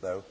though.